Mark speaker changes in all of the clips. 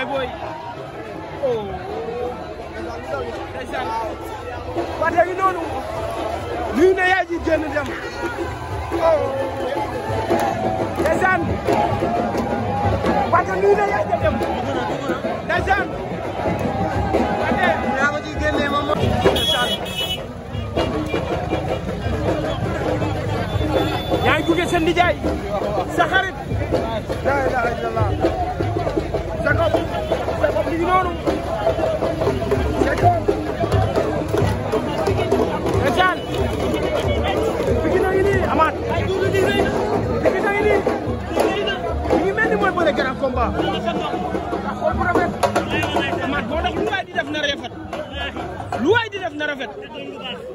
Speaker 1: yaay booy oh ndeysaan ba tey noonu nuyu na yaay ji génn dem oh ndeysaan ba tey nuyu na yaay ji dem ndeysaan ba tey yaa ko ci génne moom ndeysaan yaa ngi jóge sa nijaay sa xarit la ilaha illallah combat amaat boo tax lu waay di def na rafet lu waay di def na rafet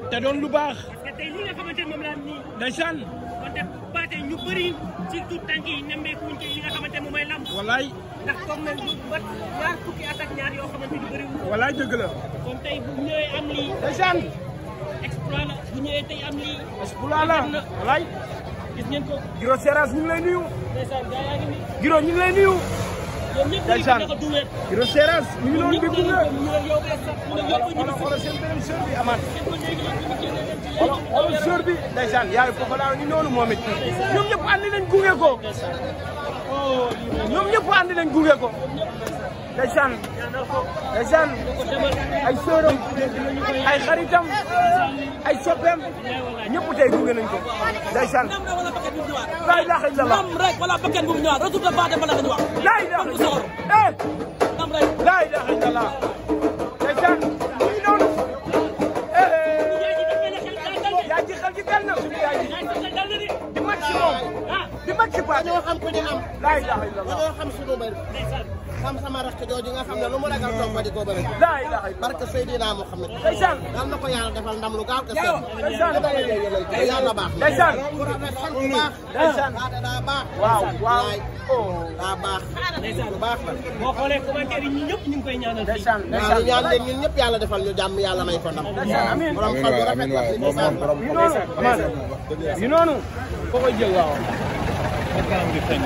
Speaker 1: te doon lu baax te doon lu baax. parce que tey li nga xamante ne moom laa nii. ndeysaan amaatee ñu bëri ci tout tànk yi nemmeekuñ ci yi nga xamante ne mooy lamb. wallaay ndax toog nañ du bat ñaar fukki at ak ñaar yoo xamante ni la. kon tey bu ñëwee am la am lii. exploit la wallaay. gis ñu ngi lay nuyu. ndeysaan gars yaa ngi nii. Giro ñu ngi lay nuyu. ñoom ñëpp ñu ngi ko naka duwee. Giro ñu ngi doon déglu xoolal joueur bi ndeysaan yaayu foofu laa ni noonu moom it ñoom ñëpp andi nañ gunge ko ñoom ñëpp andi nañ gunge ko ndeysaan ndeysaan ay sóoram ay xaritam ay soppeem ñëpp tey gunge nañ ko ndeysaan laa ilaaha illallah nam rek wala bakkan bu mu ñëwaat retour de bâche am ku ne am. laay laay la waaw xam suñu mbéy mi. xam sama rakk jooju nga xam ne lu mu ragal toog ba di ko bëri. laay laay barke Seydina Muhammad. ndeysaan daal na ko yàlla defal ndam lu gaaw te seet. ndeysaan li may yëngal yëngal te yàlla baax. ndeysaan ku rafet sant bu baax. ndeysaan daa
Speaker 2: baax. waaw waaw
Speaker 1: oh. daa baax. ndeysaan bu baax la. boo xoolee commentaire yi ñun ñëpp ñu ngi koy ñaanal. ndeysaan ndeysaan waaw ñaan leen ñun ñëpp yàlla defal ñu jàmm yàlla may ko ndam. amiin borom xol bu rafet la. amiin waay amiin waay moom moom borom. kanam di feeñ